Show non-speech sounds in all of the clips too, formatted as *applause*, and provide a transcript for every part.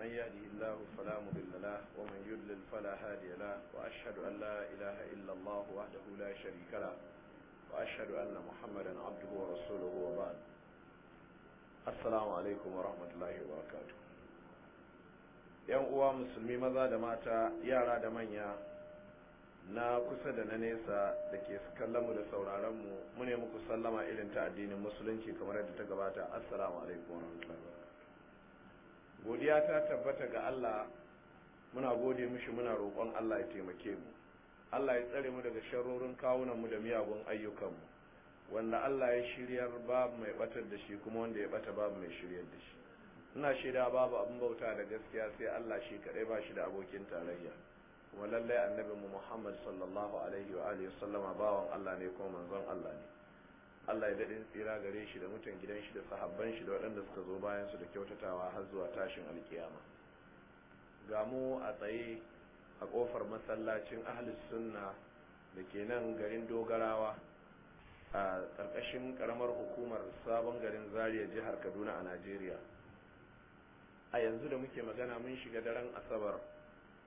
من يهده الله فلا مضل له ومن يضلل فلا هادي له واشهد ان لا اله الا الله وحده لا شريك له واشهد ان محمدا عبده ورسوله وبعد السلام عليكم ورحمه الله وبركاته ‘Yan uwa musulmi maza da mata, yara da manya, na kusa da na nesa da ke kallonmu da sauraronmu, mu ne muku sallama irin ta addinin musulunci kamar yadda ta gabata, Assalamu alaikum godiya ta tabbata ga Allah muna gode mishi muna roƙon Allah ya taimake mu Allah ya tsare mu daga sharorin kawunan mu da miyagun ayyukanmu wanda Allah ya shiryar babu mai batar da shi kuma wanda ya bata babu mai shiryar da shi ina shaida babu abin bauta da gaskiya sai Allah shi kadai ba shi da abokin tarayya kuma lallai annabi mu Muhammad sallallahu alaihi wa alihi sallama bawan Allah ne kuma manzon Allah ne Allah ya daɗin tsira gare shi da mutan gidan shi da sahabban shi da waɗanda suka zo bayan su da kyautatawa har zuwa tashin alkiyama ga mu a tsaye a ƙofar masallacin ahlus sunna da ke nan garin dogarawa a ƙarƙashin ƙaramar hukumar sabon garin zaria jihar kaduna a najeriya a yanzu da muke magana mun shiga daren asabar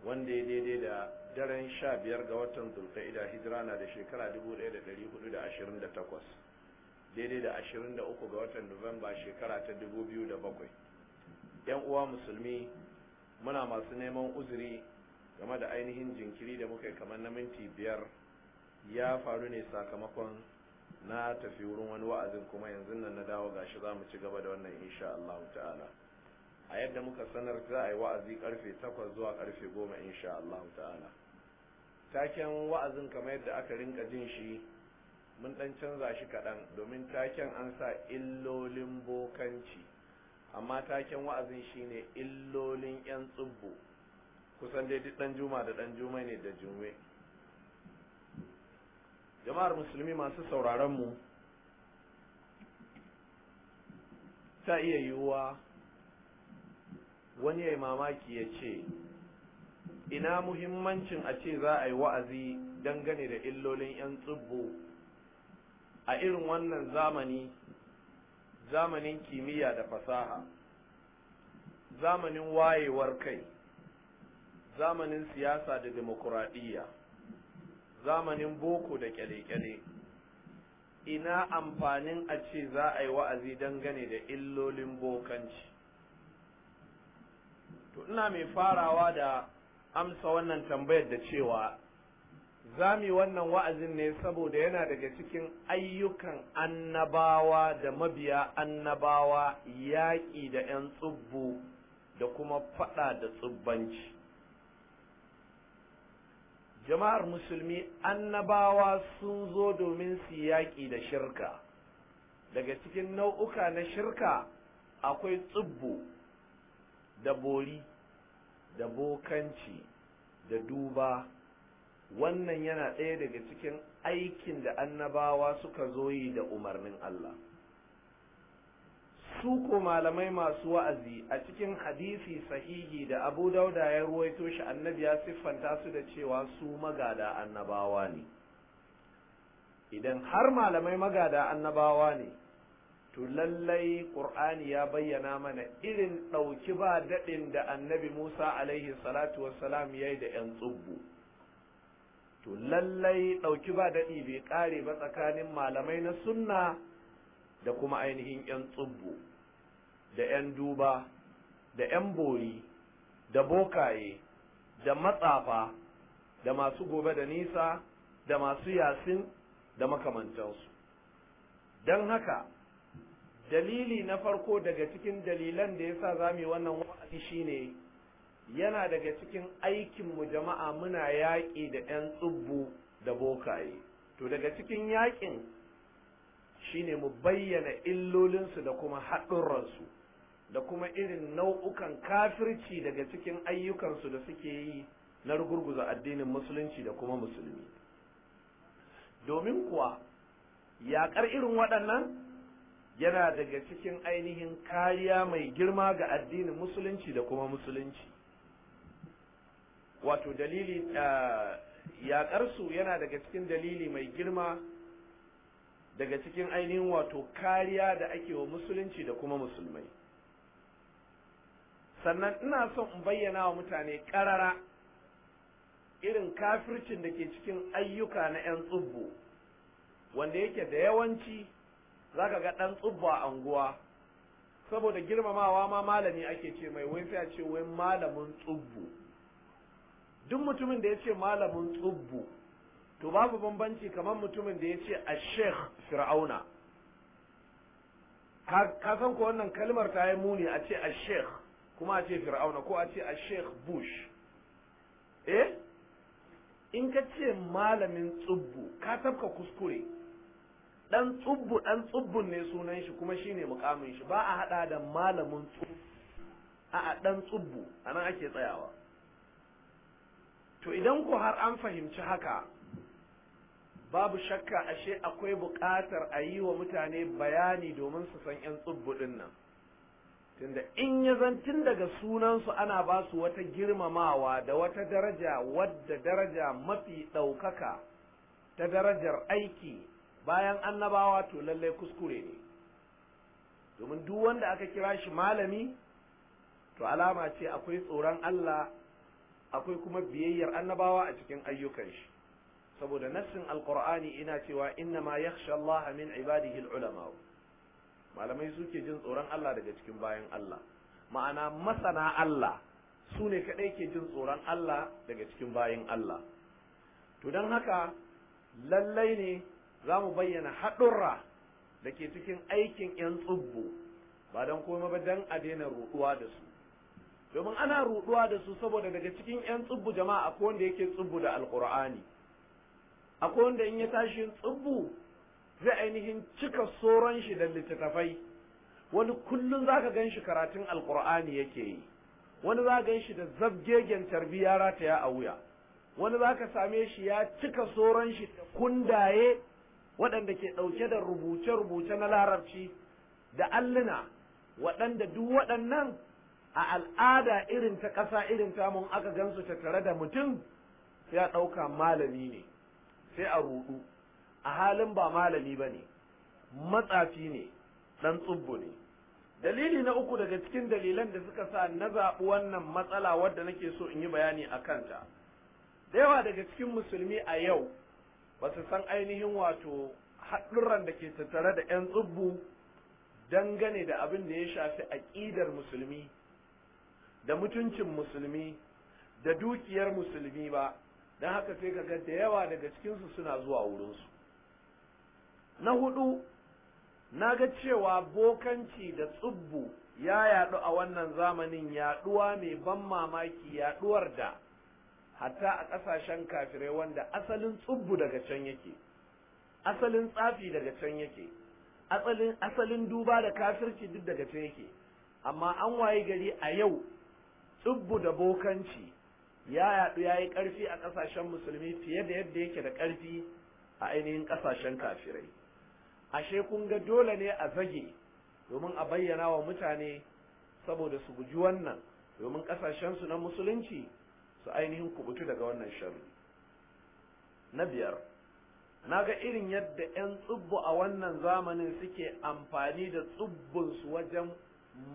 wanda ya daidai da daren sha biyar ga watan zulka'ida hijira na da shekara da da da hudu 1428 daidai da 23 ga watan Nuwamba shekara ta 2007 yan uwa musulmi muna masu neman uzuri game da ainihin jinkiri da muka yi kamar na minti biyar ya faru ne sakamakon na tafi wurin wani wa'azin kuma yanzu nan na dawo gashi za mu ci gaba da wannan insha Allah ta'ala a yadda muka sanar za a yi wa'azi karfe takwas zuwa karfe goma. insha Allah ta'ala taken wa'azin kamar yadda aka rinka jin shi mun dan canza shi kaɗan domin taken an sa illolin bokanci amma taken wa'azin shine illolin 'yan tsubbo kusan dai duk dan juma da dan juma ne da jume jama'ar musulmi masu sauraron mu ta iya yiwuwa wani ya mamaki ya ce ina muhimmancin a ce za a yi wa'azi dangane da illolin 'yan tsubbo a irin wannan zamani zamanin kimiyya da fasaha zamanin wayewar kai zamanin siyasa da demokuraɗiyya zamanin boko da kyale-kyale ina amfanin a ce za a yi wa'azi dangane da illolin bokanci to ina mai farawa da amsa wannan tambayar da cewa za mu yi wannan wa'azin ne saboda yana daga cikin ayyukan annabawa da mabiya annabawa yaƙi da ‘yan tsubbu da kuma faɗa da tsubbanci. Jama'ar musulmi annabawa sun zo domin su yaƙi da shirka. Daga cikin nau'uka na shirka akwai tsubbu da bori da bokanci da duba. wannan yana ɗaya daga cikin aikin da annabawa suka zo yi da umarnin Allah su ko malamai masu wa'azi a cikin hadisi sahihi da abu dauda ya ruwaito shi annabi ya siffanta su da cewa su magada annabawa ne idan har malamai magada annabawa ne to lallai ƙur'ani ya bayyana mana irin ɗauki ba daɗin da annabi musa alaihi salatu wassalam ya yi da 'yan tsubbu to lallai ɗauki ba daɗi bai ƙare ba tsakanin malamai na sunna da kuma ainihin 'yan tsubbu da 'yan duba da 'yan bori da bokaye da matsafa da masu gobe da nisa da masu yasin da makamantansu don haka dalili na farko daga cikin dalilan da ya sa za mu yi wannan wa'azi shine yana daga cikin aikinmu jama'a muna yaƙi da 'yan tsubbu da bokaye to daga cikin yaƙin shine mu bayyana illolinsu da kuma haɗurransu da kuma irin nau'ukan kafirci daga cikin ayyukansu da suke yi na rugurguza addinin musulunci da kuma musulmi domin kuwa yaƙar irin waɗannan yana daga cikin ainihin kariya mai girma ga addinin musulunci da kuma musulunci wato dalili yaƙarsu yana daga cikin dalili mai girma daga cikin ainihin wato kariya da ake wa musulunci da kuma musulmai sannan ina son in bayyana wa mutane ƙarara irin kafircin da ke cikin ayyuka na 'yan tsubbu wanda yake da yawanci za ka ga ɗan tsubu a anguwa saboda girmamawa ma malami ake ce mai wai sai a ce wai malamin tsubu. duk mutumin da ya ce malamin tsubbu to babu bambanci kamar mutumin da ya ce a sheikh fir'auna ka san ko wannan kalmar ta yi muni a ce a sheikh kuma a ce fir'auna ko a ce a sheikh bush eh in ka ce malamin tsubbu ka tafka kuskure dan tsubbu dan tsubbun ne sunan shi kuma shine mukamin shi ba a hada da malamin tsubbu a dan tsubbu anan ake tsayawa to idan ku har an fahimci haka babu shakka ashe akwai buƙatar a yi wa mutane bayani domin su san 'yan tsubbuɗin nan tunda in ya tun daga sunansu ana ba su wata girmamawa da wata daraja wadda daraja mafi ɗaukaka ta darajar aiki bayan annabawa to lallai kuskure ne domin duk wanda aka kira shi malami to alama ce akwai tsoron Allah akwai kuma biyayyar annabawa a cikin ayyukan shi saboda nassin alqur'ani ina cewa inna ma yakhsha Allah min ibadihi alulama malamai suke jin tsoron Allah daga cikin bayan Allah ma'ana masana Allah su ne kaɗai ke jin tsoron Allah daga cikin bayan Allah to don haka lallai ne za mu bayyana haɗurra da ke cikin aikin 'yan tsubbu ba don kuma ba don a daina ruɗuwa da su domin ana ruɗuwa da su saboda daga cikin 'yan tsubbu jama'a akwai wanda yake tsubbu da alkur'ani akwai wanda in ya tashi tsubbu zai ainihin cika soron shi da littattafai wani kullun zaka gan shi karatun alkur'ani yake yi wani za gan shi da zabgegen tarbiya rataya a wuya wani zaka same shi ya cika soron shi kundaye waɗanda ke ɗauke da rubuce-rubuce na larabci da alluna waɗanda duk waɗannan a al'ada irin ta ƙasa irin mun aka gansu ta tare da mutum sai a ɗauka malami ne sai a ruɗu a halin ba malami ba ne matsafi ne ɗan tsubbu ne dalili na uku daga cikin dalilan da suka sa na zaɓi wannan matsala wadda nake so in yi bayani a kanta da yawa daga cikin musulmi a yau ba su san ainihin wato haɗurran da ke tattare da 'yan tsubbu dangane da abin da ya shafi aƙidar musulmi da mutuncin musulmi da dukiyar musulmi ba don haka sai ka ga da yawa daga cikinsu suna zuwa wurinsu na hudu na ga cewa bokanci da tsubbu ya yaɗu a wannan zamanin yaɗuwa mai ban mamaki yaɗuwar da hatta a ƙasashen kafirai wanda asalin tsubbu daga can yake asalin tsafi daga can yake asalin asalin duba da kafirci duk daga can yake amma an wayi gari a yau tsubbu da bokanci ya yaɗu ya yi ƙarfi a ƙasashen musulmi fiye da yadda yake da ƙarfi a ainihin ƙasashen kafirai ashe kun ga dole ne a zage domin a bayyana wa mutane saboda su guji wannan domin ƙasashensu na musulunci su ainihin kubutu daga wannan sharri na biyar na ga irin yadda 'yan tsubbu a wannan zamanin suke amfani da tsubbunsu wajen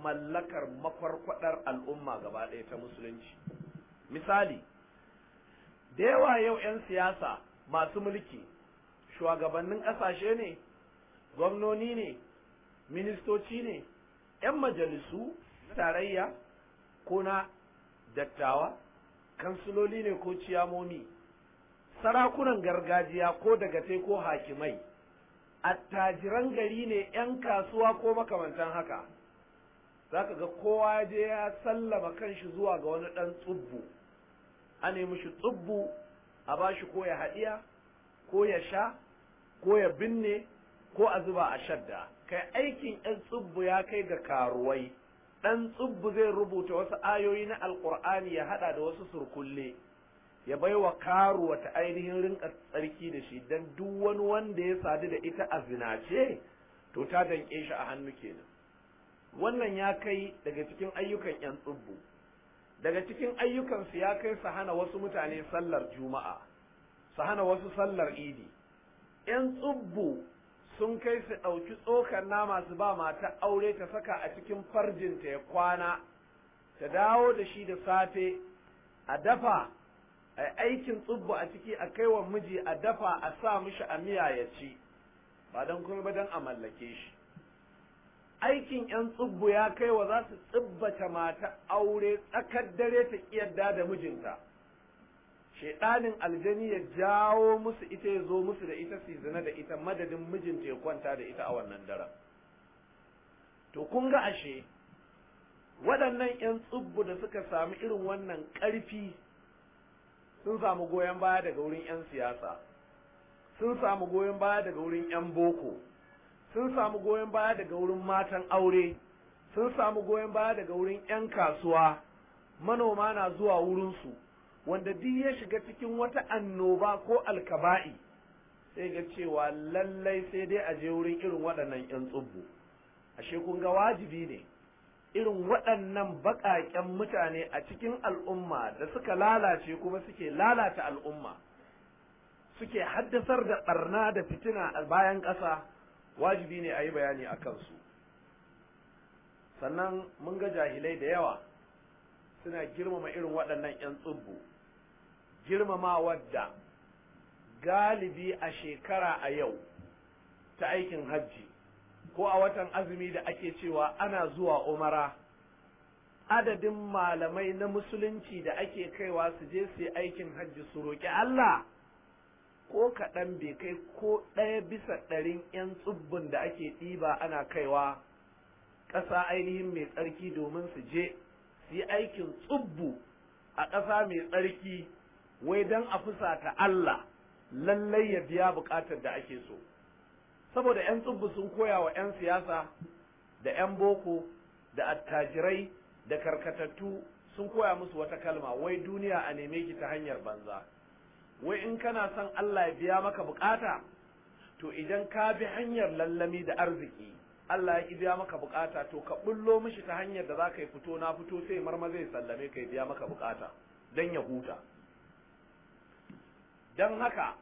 mallakar mafarkwadar al'umma gaba ɗaya ta musulunci misali da yawa yau 'yan siyasa masu mulki shugabannin ƙasashe ne gwamnoni ne ministoci ne 'yan majalisu tarayya ko na dattawa kansiloli ne ko ciyamomi sarakunan gargajiya ko daga ko hakimai attajiran gari ne 'yan kasuwa ko makamantan haka za ka ga kowa ya je ya sallama kanshi zuwa ga wani ɗan tsubbu a nemi shi tsubbu a ba shi ko ya haɗiya ko ya sha ko ya binne ko a zuba a shadda kai aikin ɗan tsubbu ya kai ga karuwai ɗan tsubbu zai rubuta wasu ayoyi na alƙur'ani ya haɗa da wasu surkulle ya bai wa karuwa ta ainihin rinka tsarki da shi don duk wani wanda ya sadu da ita a zinace to ta danƙe shi a hannu kenan wannan ya kai daga cikin ayyukan ƴan tsubbu daga cikin ayyukansu ya kai su hana wasu mutane sallar juma'a su hana wasu sallar idi Ƴan tsubbu sun kai su ɗauki tsokar nama su ba mata aure ta saka a cikin farjinta ya kwana ta dawo da shi da safe a dafa a aikin tsubbu a ciki a kai miji a dafa a sa mishi a miya ya ci ba don kuma ba don a mallake shi aikin ‘yan tsubbu ya kai wa za su tsibbata mata aure tsakar dare ta yadda da mijinta, shaiɗanin aljani ya jawo musu ita ya zo musu da ita su zina da ita madadin mijinta ya kwanta da ita a wannan daren. To kun ga ashe, waɗannan ‘yan tsubbu da suka samu irin wannan ƙarfi sun samu goyon baya daga wurin ‘yan siyasa, sun samu goyon baya daga wurin ‘yan boko. sun samu goyon baya daga wurin matan aure sun samu goyon baya daga wurin ƴan kasuwa manoma na zuwa wurinsu wanda duk ya shiga cikin wata annoba ko alkaba'i sai ga cewa lallai sai dai a je wurin irin waɗannan ƴan tsubbu ashe kun ga wajibi ne irin waɗannan baƙaƙen mutane a cikin al'umma da suka lalace kuma suke lalata al'umma suke haddasar da ɓarna da fitina a bayan ƙasa wajibi ne a yi bayani a kansu sannan mun ga jahilai da yawa suna girmama irin waɗannan 'yan tsubbu girmama wadda galibi a shekara a yau ta aikin hajji ko a watan azumi da ake cewa ana zuwa umara adadin malamai na musulunci da ake kaiwa su je su yi aikin hajji su roƙi Allah ko kaɗan bai kai ko ɗaya bisa ɗarin 'yan tsubbin da ake ɗiba ana kaiwa ƙasa ainihin mai tsarki domin su je su yi aikin tsubbu a ƙasa mai tsarki wai don a fusata Allah lallai ya biya buƙatar da ake so saboda 'yan tsubbu sun koya wa 'yan siyasa da 'yan boko da attajirai da karkatattu sun koya musu wata kalma wai duniya a neme ki ta hanyar banza wai in kana son Allah ya biya maka bukata to idan ka bi hanyar lallami da arziki Allah ya biya maka bukata to ka bullo mishi ta hanyar da za ka yi fito na fito sai marma zai sallame ka biya maka bukata don ya huta don haka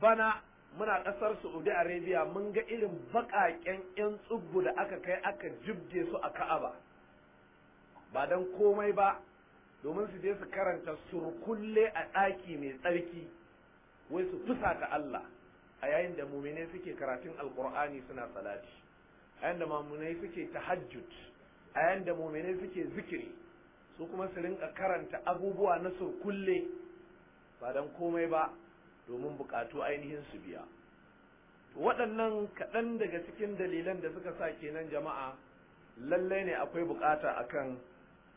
bana muna ƙasar Saudi Arabia mun ga irin baƙaƙen 'yan tsubbu da aka kai aka jibge su a Ka'aba ba don komai ba domin su je su karanta surkulle a ɗaki mai tsarki wai su ta Allah a yayin da muminai suke karatun alkur'ani suna salati a yayin da mamunai suke tahajjud a yayin da muminai suke zikiri su kuma su rinka karanta abubuwa na surkulle ba don komai ba domin bukatu ainihin su biya To waɗannan kaɗan daga cikin dalilan da suka sa kenan jama'a lallai ne akwai bukata akan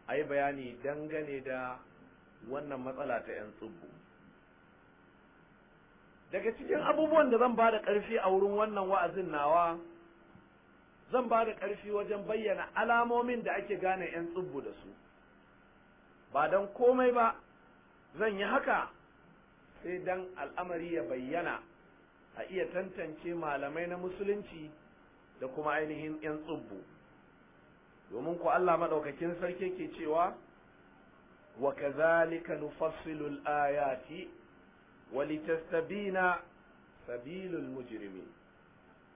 a yi bayani dangane da wannan matsala ta 'yan tsubbu daga cikin abubuwan da zan ba da ƙarfi a wurin wannan wa'azin nawa zan ba da ƙarfi wajen bayyana alamomin da ake gane 'yan tsubbu da su ba don komai ba zan yi haka sai don al'amari ya bayyana a iya tantance malamai na musulunci da kuma ainihin 'yan tsubbu. domin ku Allah madaukakin sarki ke cewa wa kazalika nufassilu al-ayati wa litastabina sabilul mujrimin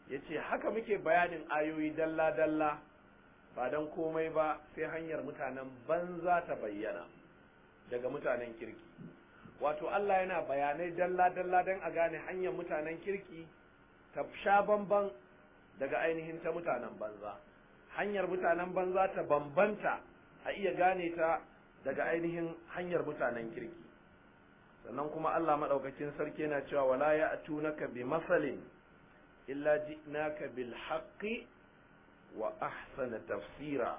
yace haka muke bayanin ayoyi dalla dalla ba dan komai ba sai hanyar mutanen banza ta bayyana daga mutanen kirki wato Allah yana bayanai dalla dalla dan a gane hanyar mutanen kirki ta sha bamban daga ainihin ta mutanen banza hanyar mutanen banza ta bambanta a iya gane ta daga ainihin hanyar mutanen kirki sannan kuma Allah maɗaukakin sarki yana cewa wala ya'tunaka bi masalin illa ji'naka bil haƙƙi wa ahsana tafsira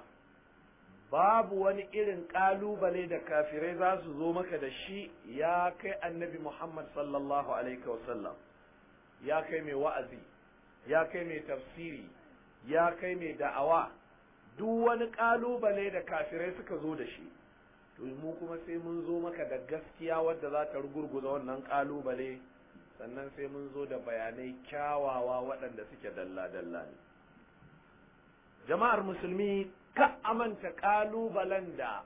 babu wani irin ƙalubale da kafirai za su zo maka da shi ya kai annabi Muhammad sallallahu alaihi wasallam ya kai mai wa'azi ya kai mai tafsiri ya kai mai da'awa duk wani ƙalubale da kafirai suka zo da shi to mu kuma sai mun zo maka da gaskiya wadda za ta rugurguza wannan ƙalubale, sannan sai mun zo da bayanai kyawawa waɗanda suke dalla-dalla ne jama'ar musulmi ka amanta ƙalubalen da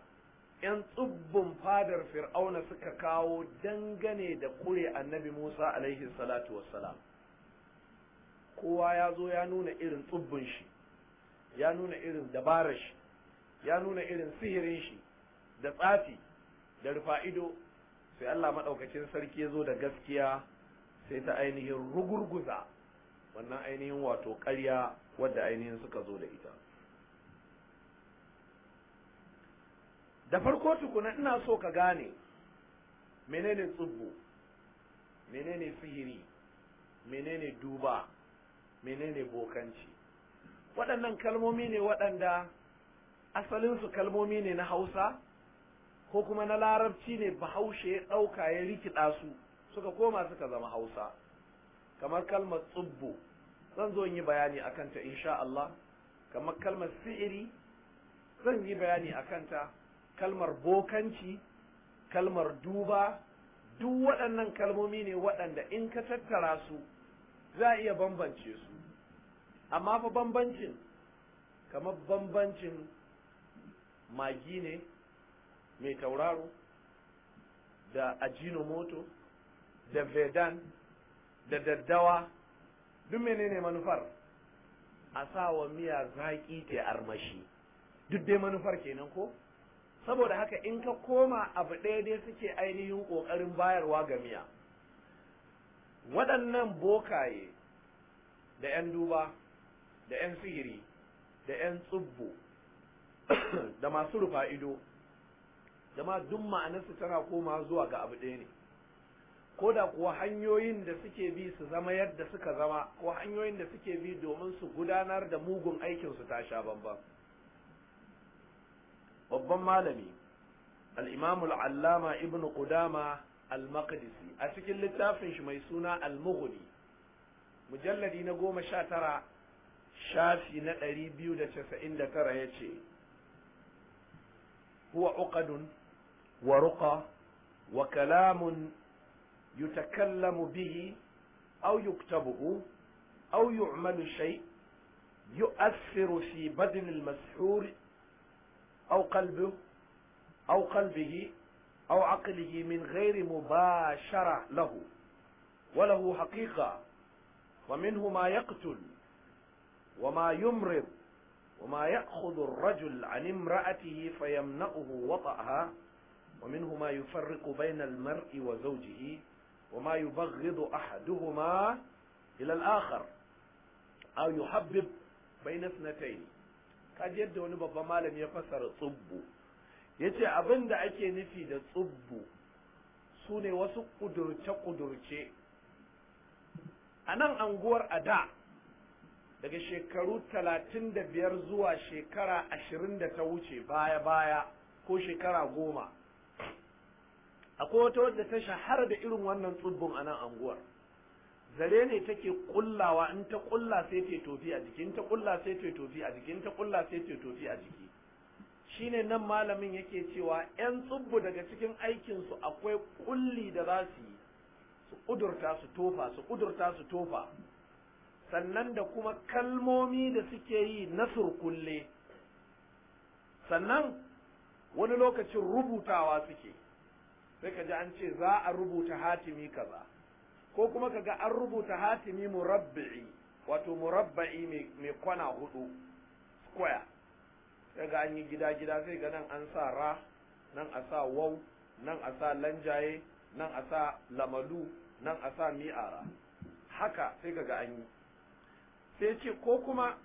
'yan tsubbin fadar fir'auna suka kawo dangane da kure annabi musa alaihi salatu wassalam kowa ya zo ya nuna irin tsubbin shi ya nuna irin dabarar shi ya nuna irin sihirin shi da tsafi da rufa ido sai Allah maɗaukacin sarki ya zo da gaskiya sai ta ainihin rugurguza wannan ainihin wato ƙarya wadda ainihin suka zo da ita da farko tukuna ina so ka gane menene tsubbo menene sihiri menene duba menene bokanci waɗannan kalmomi ne waɗanda asalinsu kalmomi ne na hausa ko kuma na larabci ne bahaushe ya ɗauka ya rikida su suka koma suka zama hausa kamar kalmar tsubbo zan zo yi bayani a kanta insha Allah kamar kalmar si'iri zan yi bayani a kanta kalmar bokanci kalmar duba duk waɗannan kalmomi ne waɗanda in ka tattara su za a iya bambance su amma fa bambancin kamar bambancin magi ne mai tauraro da ajinomoto da vedan da daddawa duk menene manufar a sa wa miya zaƙi ke armashi duk dai manufar kenan ko saboda haka in ka koma abu ɗaya dai suke ainihin ƙoƙarin bayarwa ga miya waɗannan bokaye da 'yan duba da 'yan sihiri da 'yan tsubbo *coughs* da masu rufa ido ma duk ma'anarsu tana koma zuwa ga abu ɗaya ne ko da kuwa hanyoyin da suke bi su zama yadda suka zama ko hanyoyin da suke bi domin su gudanar da mugun aikinsu ta sha bambam babban malami al'imamu al'allama ibn qudama al-maqdisi a cikin littafin shi mai suna al-mughni mujalladi na goma sha tara شافي نأري بيو فإن ترى يتي هو عقد ورقى وكلام يتكلم به أو يكتبه أو يعمل شيء يؤثر في بدن المسحور أو قلبه أو قلبه أو عقله من غير مباشرة له وله حقيقة ومنه ما يقتل وما يمرض وما يأخذ الرجل عن امرأته فيمنأه وطأها ومنه ما يفرق بين المرء وزوجه وما يبغض أحدهما إلى الآخر أو يحبب بين اثنتين قد يبدو أن بابا مالم يفسر صب يتي أبن دعكي نفيد صب سوني وسق قدرت قدرت أنا أنقور أداء daga shekaru talatin da biyar zuwa shekara ashirin da ta wuce baya-baya ko shekara goma akwai wata wadda ta shahara da irin wannan tsubbun a nan anguwar zare ne take kullawa in ta kulla sai ta tofi a jiki in ta kulla sai ta tofi a jiki in ta kulla sai ta tofi a jiki shine nan malamin yake cewa yan tsubbu daga cikin aikinsu akwai kulli da za su yi su kudurta su tofa su kudurta su tofa sannan da kuma kalmomi da suke yi na surkulle sannan wani lokacin rubutawa suke sai ka ji an ce za a rubuta hatimi kaza ko kuma ka ga an rubuta hatimi murabba'i wato murabba'i mai kwana hudu square sai ga an yi gida-gida sai ga nan an sa ra nan a sa wau nan a sa lanjaye nan a sa lamalu nan a sa mi'ara haka sai ga an yi sai ce ko kuma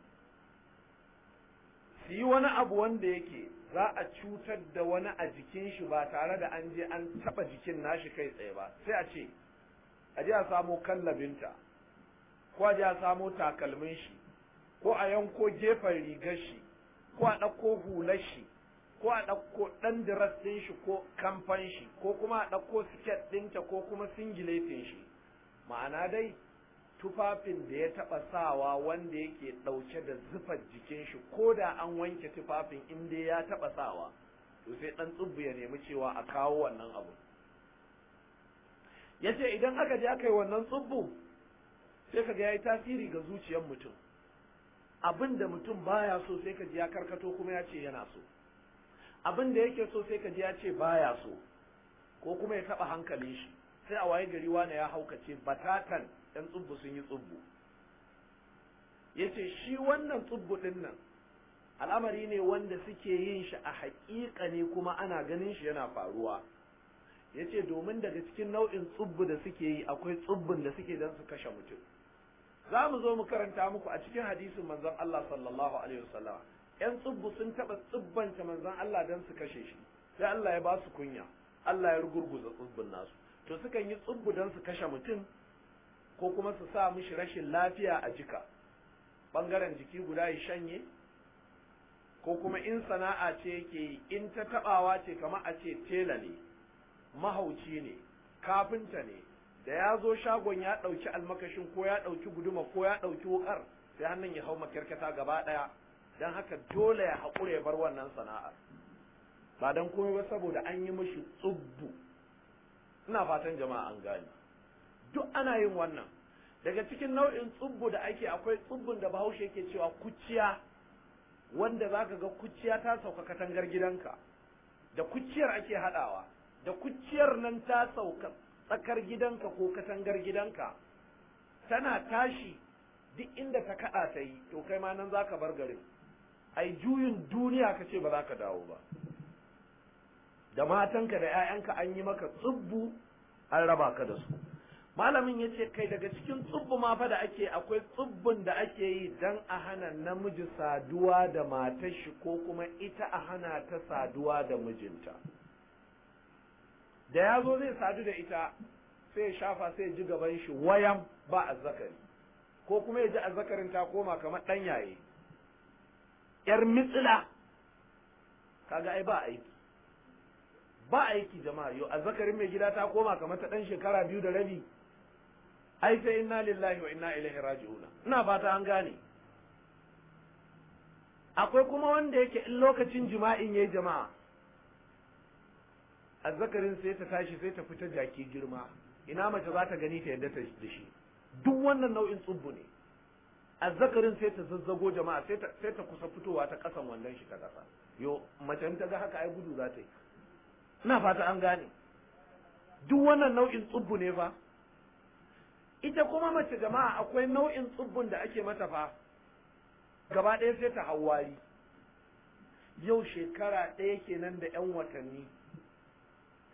su yi wani abu wanda yake za a cutar da wani a jikin shi ba tare da an je an taba jikin nashi kai tsaye ba sai a ce a je a samo kallabinta ko a je a samo takalmin shi ko a yanko gefen rigar shi ko a ɗauko hular shi ko a ɗauko ɗan diras shi ko kamfan shi ko kuma a ɗauko siket ɗinta ko kuma singiletin shi ma'ana dai tufafin da ya taɓa sawa wanda yake ɗauke da zufar jikin shi ko da an wanke tufafin in dai ya taɓa sawa to sai ɗan tsubbu ya nemi cewa a kawo wannan abu ya ce idan aka je aka wannan tsubbu sai ka ga ya yi tasiri ga zuciyar mutum abin da mutum baya so sai ka ya karkato kuma ya ce yana so abin da yake so sai ka ji ya ce baya so ko kuma ya taɓa hankalin shi sai a waye gari wane ya haukace batatan yan tsubbu sun yi tsubbu yace shi wannan tsubbu ɗin nan al'amari ne wanda suke yin shi a haƙiƙa ne kuma ana ganin shi yana faruwa yace domin daga cikin nau'in tsubbu da suke yi akwai tsubbun da suke don su kashe mutum za mu zo mu karanta muku a cikin hadisin manzon Allah sallallahu alaihi wasallam yan tsubbu sun taɓa tsubbanta manzon Allah don su kashe shi sai Allah ya ba su kunya Allah ya rugurguza tsubbun nasu to sukan yi tsubbu don su kashe mutum ko kuma su sa mishi rashin lafiya a jika ɓangaren jiki guda ya shanye ko kuma in sana'a ce yake yi in ta taɓawa ce kama a ce tela ne mahauci ne kafinta ne da ya zo shagon ya ɗauki almakashin ko ya ɗauki guduma ko ya ɗauki wukar sai hannun ya hau makarkata gaba ɗaya don haka dole ya haƙura ya bar wannan sana'ar ba don komai ba saboda an yi mashi tsubbu ina fatan jama'a an gane duk ana yin wannan daga cikin nau'in tsubbu da ake akwai tsubbun da bahaushe ke cewa kuciya wanda za ka ga kuciya ta sauka katangar gidanka da kuciyar ake haɗawa, da kuciyar nan ta sauka tsakar gidanka ko katangar gidanka tana tashi duk inda ta kaɗa ta yi to kai ma nan za ka bar garin ai juyin duniya ka ce ba za ka dawo ba da matanka da 'ya'yanka an yi maka tsubbu an raba ka da su malamin ya ce kai daga cikin tsubbu ma fa da ake akwai tsubbun da ake yi dan a hana namiji saduwa da matar shi ko kuma ita a hana ta saduwa da mijinta da ya zo zai sadu da ita sai ya shafa sai ya ji gaban shi wayan ba azzakari ko kuma ya ji azzakarin ta koma kamar ɗan yaye yar mitsila kaga ai ba aiki ba aiki jama'a yo azzakarin mai gida ta koma kamar ta ɗan shekara biyu da rabi ai sai inna lillahi wa inna ilaihi raji'una ina fata an gane akwai kuma wanda yake in lokacin jima'in yayi jama'a azzakarin sai ta tashi sai ta fita jaki girma ina mace za ta gani ta yadda ta shi duk wannan nau'in tsubbu ne azzakarin sai ta zazzago jama'a sai ta sai ta kusa fitowa ta kasan wannan shi ta kasa yo mace ta ga haka ai gudu za ta yi ina fata an gane duk wannan nau'in tsubbu ne fa ita kuma mace jama'a akwai nau'in tsubbun da ake mata fa gaba ɗaya sai ta hawari yau shekara ɗaya kenan da ƴan watanni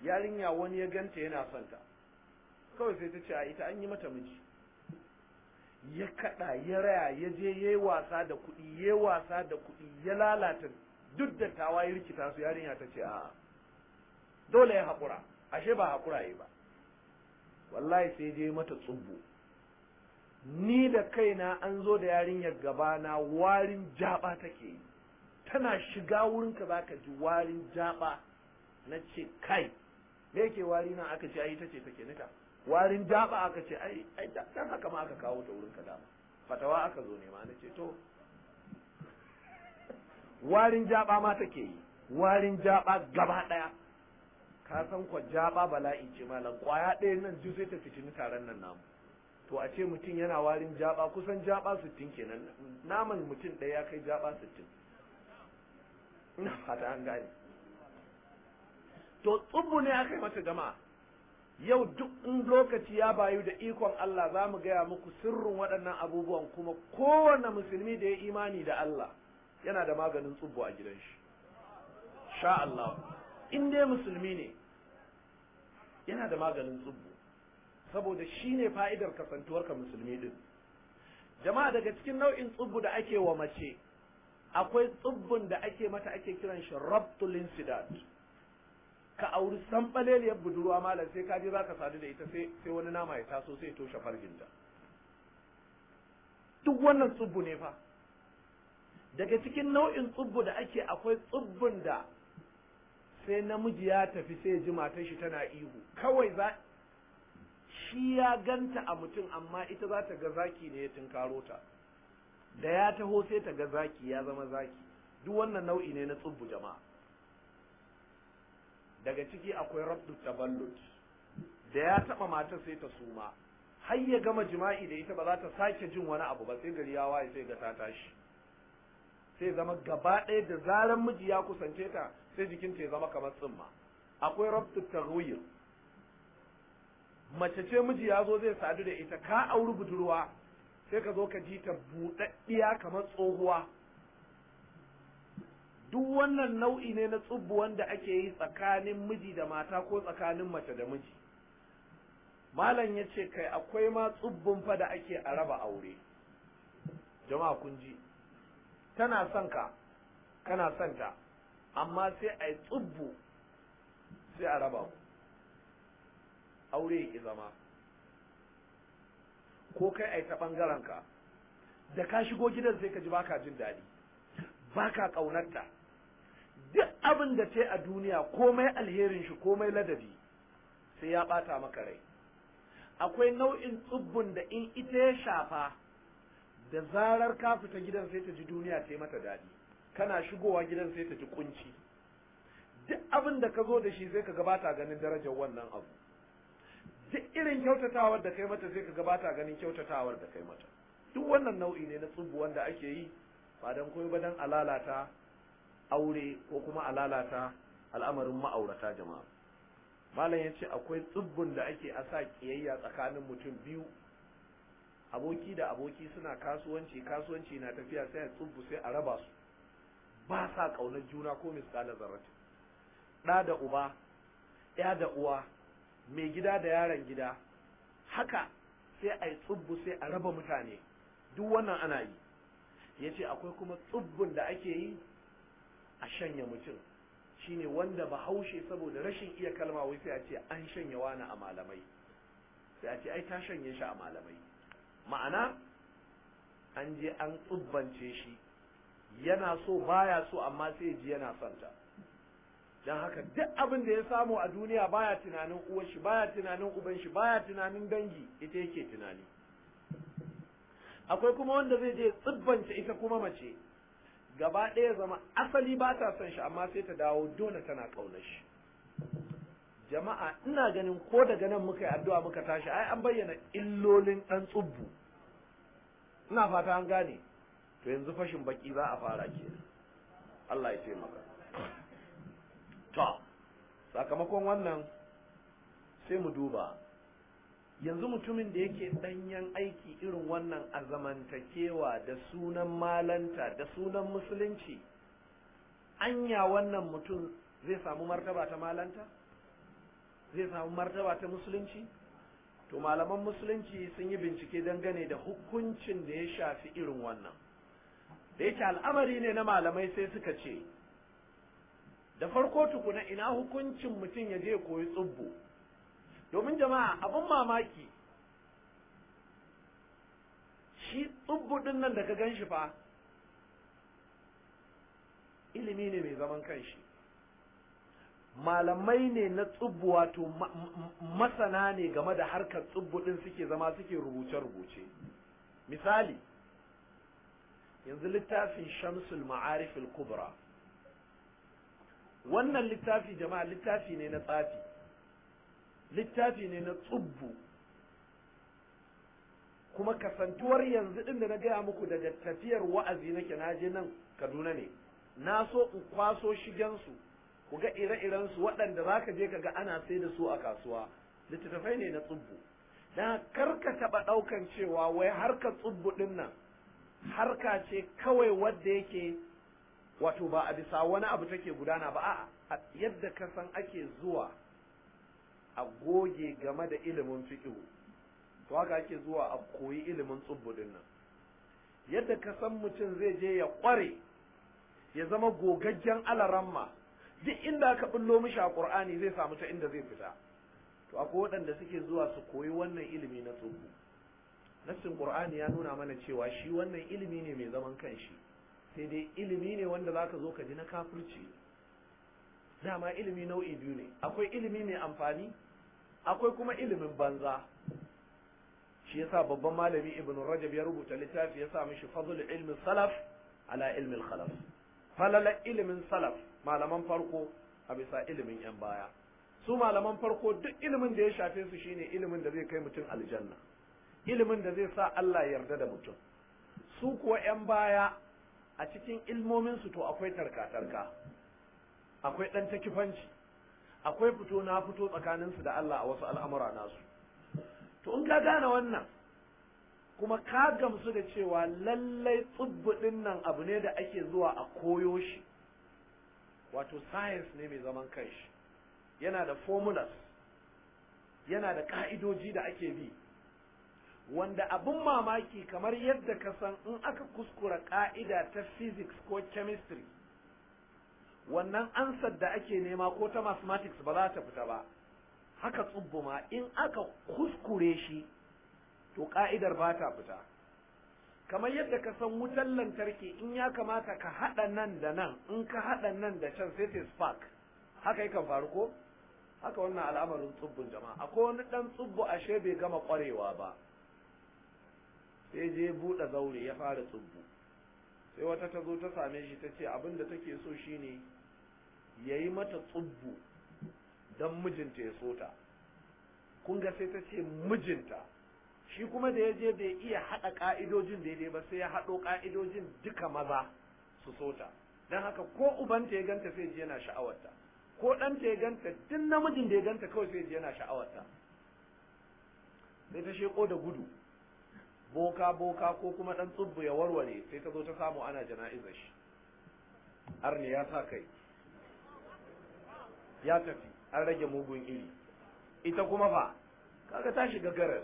yarinya wani ya ganta yana son ta kawai sai ta ce a ita an yi mata miji ya kaɗa ya raya ya je ya yi wasa da kuɗi ya yi wasa da kuɗi ya lalata duk da tawa ya rikita su yarinya ta ce a dole ya haƙura ashe ba haƙura yi ba wallahi sai je mata tsubbo ni da kaina an zo da yarinyar gabana warin jaba take yi tana shiga wurinka za ka ji warin jaba na ce kai me yake wari nan aka ce ai ta ce take nika warin jaba aka ce ai ai dan haka ma aka kawo ta wurinka dama fatawa aka zo ne ma na ce to warin jaba ma take yi warin jaba gaba daya ka san kwa jaba bala'i ce malam kwaya ɗaya nan duk zai ta fitini taron nan namu to a ce mutum yana warin jaba kusan jaba sittin kenan naman mutum ɗaya ya kai jaba sittin ina fata an gane to tsubbu ne aka yi mata gama, yau duk in lokaci ya bayu da ikon Allah za mu gaya muku sirrin waɗannan abubuwan kuma kowane musulmi da ya imani da Allah yana da maganin tsubbu a gidan shi sha Allah in dai musulmi ne yana da maganin tsubbu saboda shi ne fa'idar kasantuwarka musulmi din jama'a daga cikin nau'in tsubbu da ake wa mace akwai tsubbun da ake mata ake kiran shi rabtul insidat ka auri sanɓaleliyar budurwa malam sai ka je za ka sadu da ita sai wani nama ya taso sai toshe farginta duk wannan tsubbu ne fa daga cikin nau'in tsubbu da ake akwai tsubbun da sai namiji ya tafi sai ji matar shi tana ihu kawai za shi ya ganta a mutum amma ita za ta ga zaki ne ya tunkaro ta da ya taho sai ta ga zaki ya zama zaki duk wannan nau'i ne na tsubbu jama'a daga ciki akwai rabdu taballud da ya taba matar sai ta suma har ya gama jima'i da ita ba za ta sake jin wani abu ba sai gari ya waye sai ga ta tashi sai zama gaba ɗaya da zaran miji ya kusance ta sai jikin ya zama kamar tsimma akwai rabtu taghwir mace ce miji ya zo zai sadu da ita ka auri budurwa sai ka zo ka ji ta buɗaɗɗiya kamar tsohuwa duk wannan nau'i ne na tsubbu wanda ake yi tsakanin miji da mata ko tsakanin mace da miji malam ya ce kai akwai ma tsubbun fa da ake a raba aure jama'a kun ji tana son ka kana son ta amma sai a yi tsubbu sai a raba ku aure ya zama ko kai a yi ta ɓangarenka da ka shigo gidan sai ka ji baka jin daɗi baka ƙaunarta duk abin da ta a duniya komai alherin shi komai ladabi sai ya ɓata maka rai akwai nau'in tsubbun da in ita ya shafa da zarar ka fita gidan sai ta ji duniya ta yi mata daɗi kana shigowa gidan sai ta ji kunci duk abin da ka zo da shi sai ka gabata ganin darajar wannan abu duk irin kyautatawar da kai mata sai ka gabata ganin kyautatawar da kai mata duk wannan nau'i ne na tsubu wanda ake yi ba dan koyi ba dan alalata aure ko kuma alalata al'amarin ma'aurata jama'a malam ya ce akwai tsubbun da ake a sa kiyayya tsakanin mutum biyu aboki da aboki suna kasuwanci kasuwanci na tafiya sai a tsubbu sai a raba su ba sa ƙaunar juna ko misalin zarrata ɗa da uba ya da uwa mai gida da yaron gida haka sai a yi tsubbu sai a raba mutane duk wannan ana yi ya ce akwai kuma tsubbun da ake yi a shanya mutum shine wanda ba haushe saboda rashin iya kalma wai sai a ce an shanya wani a malamai sai a ce ai ta shanye shi a malamai ma'ana an je an tsubbance shi yana so baya so amma sai ji yana son ta dan haka duk abin da ya samu a duniya baya tunanin uwar shi baya tunanin uban shi baya tunanin dangi ita yake tunani akwai kuma wanda zai je tsibbanta ita kuma mace gaba ɗaya zama asali ba ta son shi amma sai ta dawo dole tana ƙaunar shi jama'a ina ganin ko daga nan muka yi addu'a muka tashi ai an bayyana illolin ɗan tsubbu ina fata an gane to yanzu fashin baki za a fara ke Allah ya taimaka to sakamakon wannan sai mu duba yanzu mutumin da yake danyen aiki irin wannan a zamantakewa da sunan malanta da sunan musulunci anya wannan mutum zai samu martaba ta malanta zai samu martaba ta musulunci to malaman musulunci sun yi bincike dangane da hukuncin da ya shafi irin wannan da yake al'amari ne na malamai sai suka ce da farko tukuna ina hukuncin mutum ya je koyi tsubbo domin jama'a abin mamaki shi tsubbo din nan da ka gan shi fa ilimi ne mai zaman kanshi malamai ne na tsubbo wato masana ne game da harkar tsubbo din suke zama suke rubuce-rubuce misali yanzu littafin shamsul ma'arif al-kubra wannan littafi jama'a littafi ne na tsafi littafi ne na tsubbu kuma kasantuwar yanzu din da na gaya muku daga tafiyar wa'azi nake na je nan kaduna ne na so in kwaso shigensu ku ga ire su waɗanda za ka je ka ga ana sai da su a kasuwa littattafai ne na tsubbu da kar ka taɓa ɗaukan cewa wai harkar tsubbu ɗin nan harka ce kawai wadda yake wato ba a bisa wani abu take gudana ba a yadda ka san ake zuwa a goge game da ilimin fiƙihu to haka ake zuwa a koyi ilimin tsubbudin nan yadda ka san mutum zai je ya ƙware ya zama gogaggen alaramma duk inda aka bullo mishi a ƙur'ani zai samu ta inda zai fita to akwai waɗanda suke zuwa su koyi wannan ilimi na tsubbu nassin qur'ani ya nuna mana cewa shi wannan ilimi ne mai zaman kanshi sai dai ilimi ne wanda zaka zo ka ji na kafirci dama ilimi nau'i biyu ne akwai ilimi mai amfani akwai kuma ilimin banza shi yasa babban malami ibn rajab ya rubuta littafi ya sa mishi fadl ilmi salaf ala ilmi khalaf falala ilimin salaf malaman farko a bisa ilimin yan baya su malaman farko duk ilimin da ya shafe su shine ilimin da zai kai mutum aljanna ilimin da zai sa Allah yarda da mutum su kuwa 'yan baya a cikin ilmominsu to akwai tarka-tarka akwai ɗan takifanci akwai fito na fito tsakaninsu da Allah a wasu al'amura nasu to in ka gane wannan kuma ka gamsu da cewa lallai tsubbuɗin nan abu ne da ake zuwa a koyo shi wato science ne mai zaman kanshi yana da formulas yana da ka'idoji da ake bi wanda abin mamaki kamar yadda ka san in aka kuskura ka'ida ta physics ko chemistry wannan ansar da ake nema ko ta mathematics ba za ta fita ba haka tsubbuma in aka kuskure shi to ka'idar ba ta fita kamar yadda ka san wutan lantarki in ya kamata ka haɗa nan da nan in ka haɗa nan da can sai ta spark haka yakan faru ko haka wannan al'amarin tsubbun jama'a akwai wani ɗan tsubbu ashe bai gama ƙwarewa ba sai je buɗe zaure ya fara tsubbu sai wata ta zo ta same shi ta ce abin da take so shi ne ya yi mata tsubbu don mijinta ya so ta sai ta ce mijinta shi kuma da ya je bai iya haɗa ƙa'idojin daidai ba sai ya haɗo ƙa'idojin duka maza su sota ta don haka ko ubanta ya ganta sai ji yana sha'awarta ko ɗanta ya ganta tun namijin da ya ganta kawai sai ji yana sha'awarta sai ta sheko da gudu boka boka ko kuma dan tsubbu ya warware sai ta zo ta samu ana jana'izar shi Har ne ya sa kai ya tafi an rage mugun iri ita kuma fa kaga ta shiga garar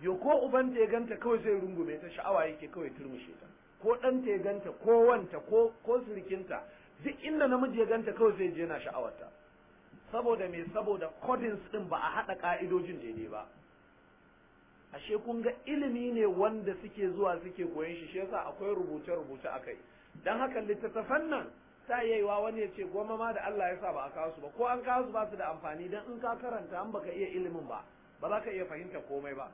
yo ko ta ya ganta kawai sai rungume ta sha'awa yake kawai turmushe ta ko ta ya ganta ko wanta ko ko sirikinta duk inda namiji ya ganta kawai zai je na sha'awarta saboda me saboda codings din ba a haɗa ka'idojin daidai ba ashe kun ga ilimi ne wanda suke zuwa suke koyon shi shi yasa akwai rubuce rubuce akai dan haka littattafan nan ta yayiwa wani ya ce goma ma da Allah ya sa ba a kawo su ba ko an kawo su ba su da amfani dan in ka karanta an baka iya ilimin ba ba za ka iya fahimta komai ba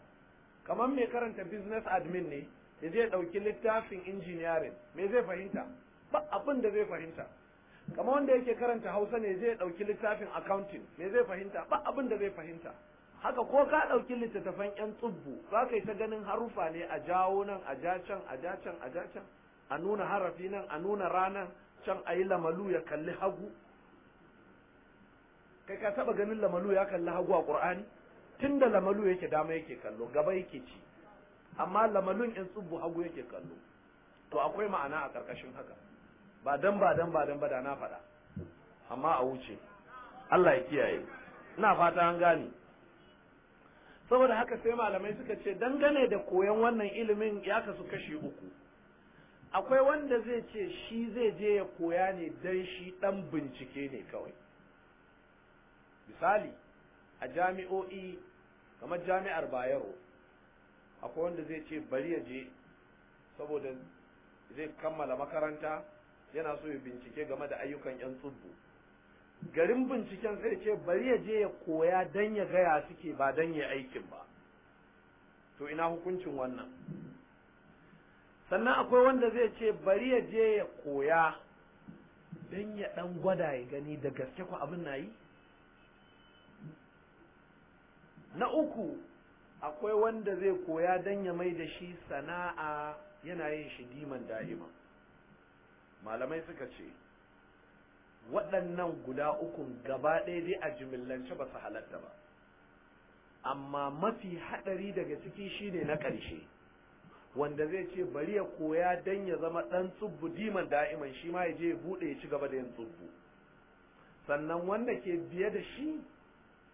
kamar mai karanta business admin ne ya zai ɗauki littafin engineering me zai fahimta ba abin da zai fahimta kamar wanda yake karanta hausa ne zai ɗauki littafin accounting me zai fahimta ba abin da zai fahimta haka ko ka ɗauki littattafan yan tsubbu za ka yi ta ganin harufa ne a jawo nan a ja can a ja can a ja can a nuna harafi nan a nuna ranar can a yi lamalu ya kalli hagu kai ka taɓa ganin lamalu ya kalli hagu a ƙur'ani tun da lamalu yake dama yake kallo gaba yake ci amma lamalun ‘yan tsubbu hagu yake kallo to akwai ma'ana a ƙarƙashin haka ba dan ba dan ba dan ba da na faɗa amma a wuce Allah ya kiyaye ina fata an gani. saboda haka sai malamai suka ce dangane da koyon wannan ilimin ya kasu kashi uku akwai wanda zai ce shi zai je ya koya ne dan shi dan bincike ne kawai misali a jami'o'i kamar jami'ar bayero akwai wanda zai ce bari ya je saboda zai kammala makaranta yana so ya bincike game da ayyukan 'yan tsubbu garin binciken sai ce bari ya je ya koya dan ya gaya suke ba dan ya aikin ba to ina hukuncin wannan sannan akwai wanda zai ce bari ya je ya koya dan ya dan gwada ya gani da gaske ku abin na yi na uku akwai wanda zai koya dan ya mai da shi sana'a yana yin shi diman da'ima malamai suka ce waɗannan guda ukun gaba ɗaya dai a jimillance ba su halatta ba amma mafi haɗari daga ciki shine na ƙarshe wanda zai ce bari ya koya don ya zama ɗan tsubbu diman da'iman shi ma ya je ya buɗe ya ci gaba da yin tsubbu sannan wanda ke biye da shi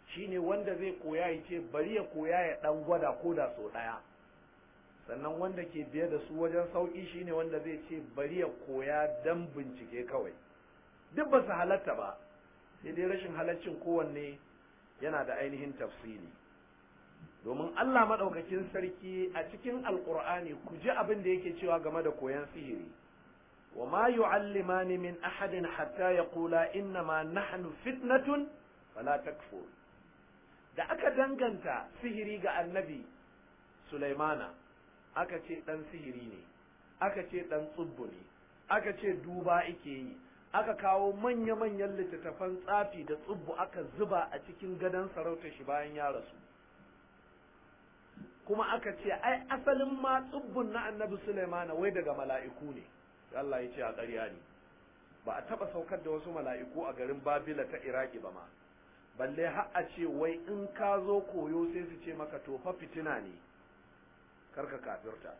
shine wanda zai koya ya ce bari ya koya ya ɗan gwada ko da sau ɗaya sannan wanda ke biye da su wajen sauƙi shine wanda zai ce bari ya koya don bincike kawai duk ba su halatta ba sai dai rashin halaccin kowanne yana da ainihin tafsiri domin Allah maɗaukakin sarki a cikin alƙur'ani ku ji abin da yake cewa game da koyon sihiri wa ma yu'allimani min ahadin hatta yaqula inna ma nahnu fitnatun fala takfur da aka danganta sihiri ga annabi Sulaimana aka ce dan sihiri ne aka ce dan tsubbu ne aka ce duba ike yi aka kawo manya-manyan littattafan tsafi da tsubbu aka zuba a cikin gadon sarautar shi bayan ya rasu kuma aka ce ai asalin ma tsubbun na annabi Sulaimana wai daga mala'iku ne Allah ya ce a ƙarya ne ba a taɓa saukar da wasu mala'iku a garin Babila ta Iraki ba ma balle har a ce wai in ka zo koyo sai su ce maka to fitina ne karka kafirta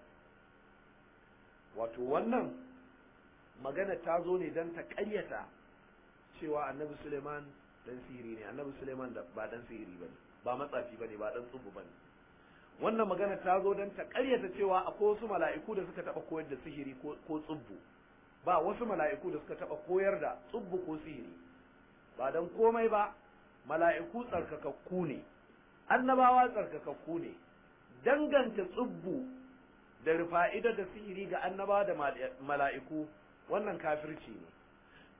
wato wannan magana ta zo ne don ta ƙaryata cewa annabi suleiman dan sihiri ne annabi suleiman ba dan sihiri bane ba matsafi bane ba dan tsubu bane wannan magana ta zo don ta ƙaryata cewa akwai wasu mala'iku da suka taɓa koyar da sihiri ko tsubu ba wasu mala'iku da suka taɓa koyar da tsubu ko sihiri ba don komai ba mala'iku tsarkakakku ne annabawa tsarkakakku ne danganta tsubu da rufa'ida da sihiri ga annabawa da mala'iku wannan kafirci ne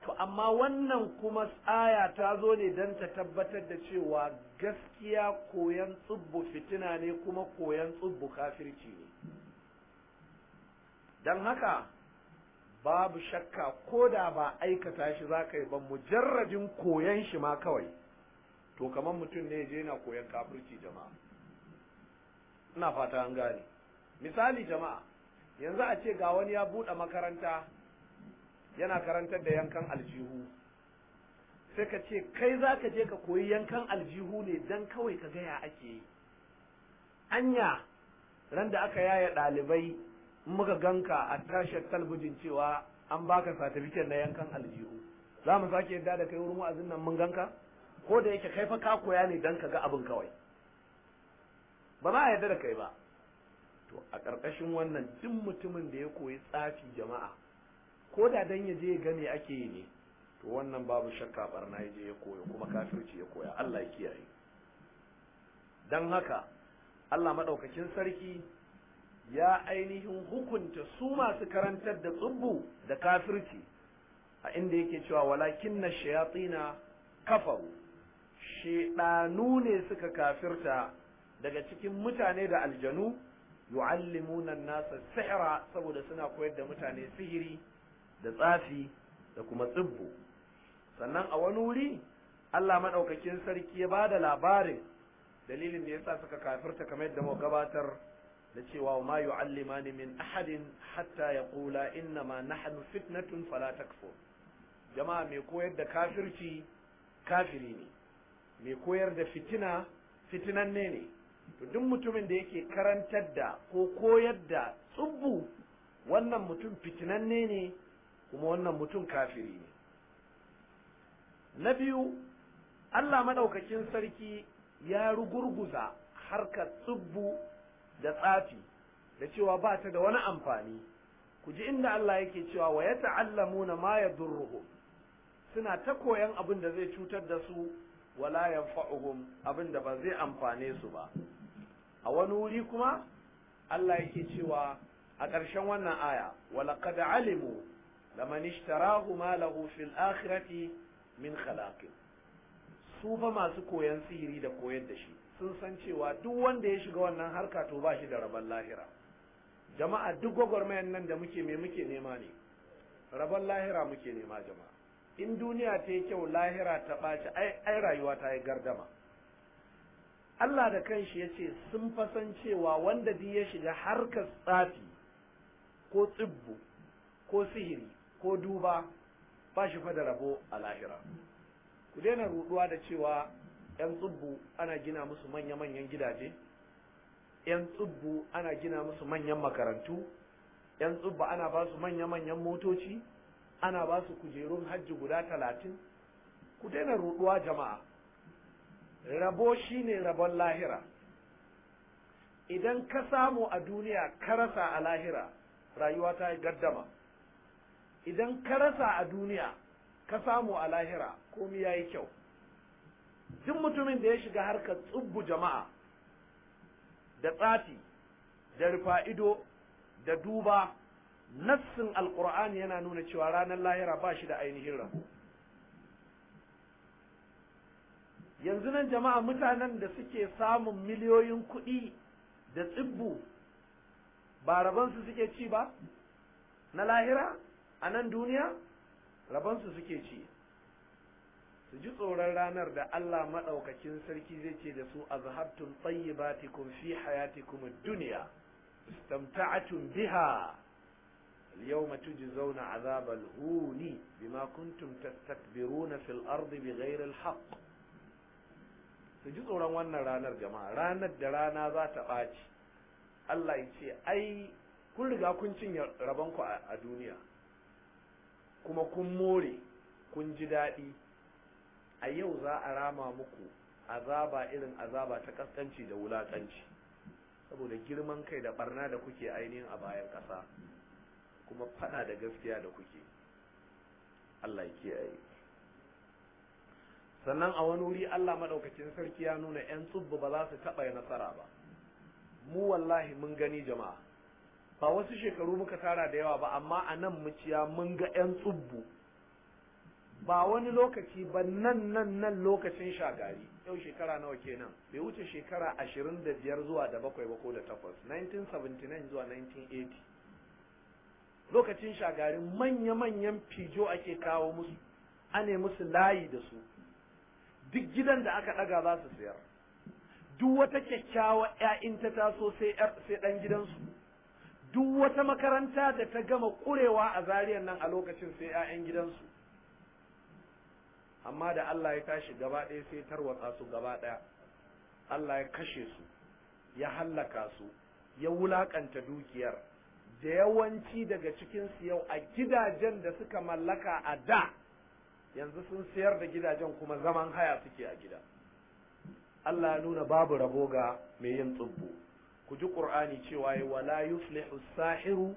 to amma wannan kuma tsaya ta zo ne don ta tabbatar da cewa gaskiya koyan tsubbu fitina ne kuma koyan tsubbu kafirci ne don haka babu shakka ko da ba aikata shi za ka yi ba mujarradin koyan shi ma kawai to kamar mutum ne je na koyan kafirci jama'a ina fata an gane misali jama'a yanzu a ce ga wani ya buɗe makaranta yana karantar da yankan aljihu sai ka ce kai za ka je ka koyi yankan aljihu ne don kawai ka gaya ake yi anya ran da aka yaya ɗalibai muka ganka a tashar talbijin cewa an baka satifiket na yankan aljihu za mu sake yadda da kai wurin wa'azin nan mun ganka ko da yake kai fa ka koya ne don ka ga abin kawai ba ma yadda da kai ba to a ƙarƙashin wannan duk mutumin da ya koyi tsafi jama'a ko da dan ya je ya ga ake yi ne to wannan babu shakka barna ya je ya koya kuma kafirci ya koya Allah ya kiyaye dan haka Allah madaukakin sarki ya ainihin hukunta su masu karantar da tsubbu da kafirci a inda yake cewa walakin na shayatina kafaru shedanu ne suka kafirta daga cikin mutane da aljanu yu'allimuna nasa sihra saboda suna koyar da mutane sihiri da tsafi da kuma tsibbo sannan a wani wuri Allah maɗaukakin sarki ya ba da labarin dalilin da yasa suka kafirta kamar yadda mu gabatar da cewa ma yu'allimani min ahadin hatta yaqula inna ma nahnu fitnatun fala takfur jama'a mai koyar da kafirci kafiri ne mai koyar da fitina fitinan ne ne to duk mutumin da yake karantar da ko koyar da tsubbu wannan mutum fitinan ne ne kuma wannan mutum kafiri ne na biyu Allah madaukakin sarki ya rugurguza harkar tsubbu da tsafi da cewa ba ta da wani amfani ku ji inda Allah yake cewa wa ya ta'allamuna ma yadurruhum suna ta koyan abin da zai cutar da su wala yanfa'uhum abin da ba zai amfane su ba a wani wuri kuma Allah yake cewa a ƙarshen wannan aya walaqad alimu laman ishtarahu ma lahu fil min khalaqin su masu koyan sihiri da koyar da shi sun san cewa duk wanda ya shiga wannan harka to ba shi da rabon lahira jama'a duk gwagwarmayan nan da muke me muke nema ne rabon lahira muke nema jama'a in duniya ta yi kyau lahira ta ɓaci ai rayuwa ta yi gardama Allah da kanshi ya ce sun fasan cewa wanda duk ya shiga harkar tsafi ko tsibbu ko sihiri ko duba ba shi fa da rabo a lahira ku daina ruduwa da cewa yan tsubbu ana gina musu manya-manyan gidaje yan tsubbu ana gina musu manyan makarantu yan tsubbu ana ba su manya-manyan motoci ana ba su kujerun hajji guda talatin ku daina ruduwa jama'a rabo shi ne rabon lahira idan ka samu a duniya ka rasa a lahira rayuwa ta yi gaddama idan ka rasa a duniya ka samu a lahira komi ya yi kyau duk mutumin da ya shiga harkar tsubbu jama'a da tsati, da rufa'ido da duba nassin alkur'ani yana nuna cewa ranar lahira ba shi da ainihin rabu yanzu nan jama'a mutanen da suke samun miliyoyin kuɗi da tsibbu ba rabansu suke ci ba na lahira a nan duniya rabansu suke ci su ji tsoron ranar da Allah maɗaukakin sarki zai ce da su a zahabtun tsayyibatikum fi hayatikum duniya istamta'atun biha اليوم تجزون عذاب الهون بما كنتم تستكبرون في الأرض بغير الحق su ji tsoron wannan ranar jama'a ranar da rana za ta ɓaci Allah ya ce ai kun riga kun cinye rabonku a duniya kuma kun more kun ji daɗi a yau za a rama muku azaba irin azaba ta kaskanci da wulakanci saboda girman kai da barna da kuke ainihin a bayan ƙasa kuma fada da gaskiya da kuke Allah ya kiyaye sannan a wani wuri Allah madaukakin sarki ya nuna 'yan tsubbu ba za su taɓa nasara ba mu wallahi mun gani jama'a ba wasu shekaru muka tara da yawa ba amma a nan muciya mun ga 'yan tsubbu ba wani lokaci ba nan nan nan lokacin shagari yau shekara nawa kenan bai wuce shekara ashirin da biyar zuwa da bakwai ba ko da takwas 1979 zuwa 1980 lokacin shagari manya-manyan fijo ake kawo musu ane musu layi da su duk gidan da aka ɗaga za su sayar duk wata kyakkyawa 'ya'yanta ta taso sai ɗan gidansu duk wata makaranta da ta gama ƙurewa a zariyar nan a lokacin sai 'ya'yan gidansu amma da Allah ya tashi gaba ɗaya sai tarwatsa su gaba ɗaya Allah ya kashe su ya hallaka su ya wulaƙanta dukiyar da yawanci daga cikinsu yau a gidajen da suka mallaka a da yanzu sun sayar da gidajen kuma zaman haya suke a gida Allah ya nuna babu rabo ga mai yin tsubbu ku ji qur'ani cewa ya wala yuflihu sahiru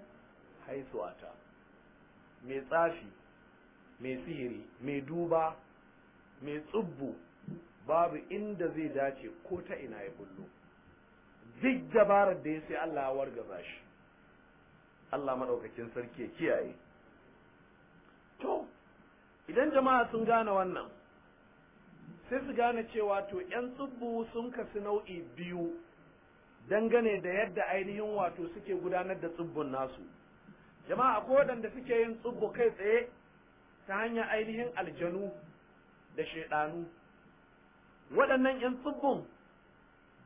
haisu ata mai tsafi mai sihiri mai duba mai tsubbu babu inda zai dace ko ta ina ya bullo duk dabarar da ya sai Allah ya wargaza shi Allah madaukakin sarki ya kiyaye to idan jama'a sun gane wannan sai su gane cewa to 'yan tsubbu sun kasu nau'i biyu dangane da yadda ainihin wato suke gudanar da tsubbun nasu jama'a ko waɗanda suke yin tsubbu kai tsaye ta hanyar ainihin aljanu da shaiɗanu. waɗannan 'yan tsubbun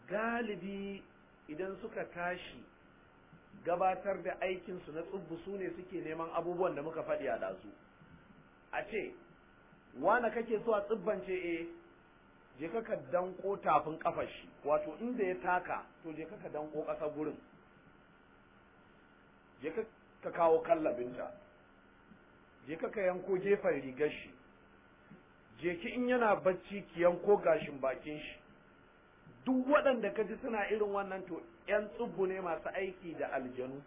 galibi idan suka tashi gabatar da aikinsu na tsubbu su ne suke neman abubuwan da muka faɗi a ɗazu a ce wane kake so a tsubbance eh je ka ka danko tafin kafar shi wato inda ya taka to je ka ka danko ƙasa gurin je ka ka kawo kallabinta je ka ka yanko gefen rigar shi je ki in yana bacci ki yanko gashin bakin shi duk waɗanda ka ji suna irin wannan to ƴan tsubbu ne masu aiki da aljanu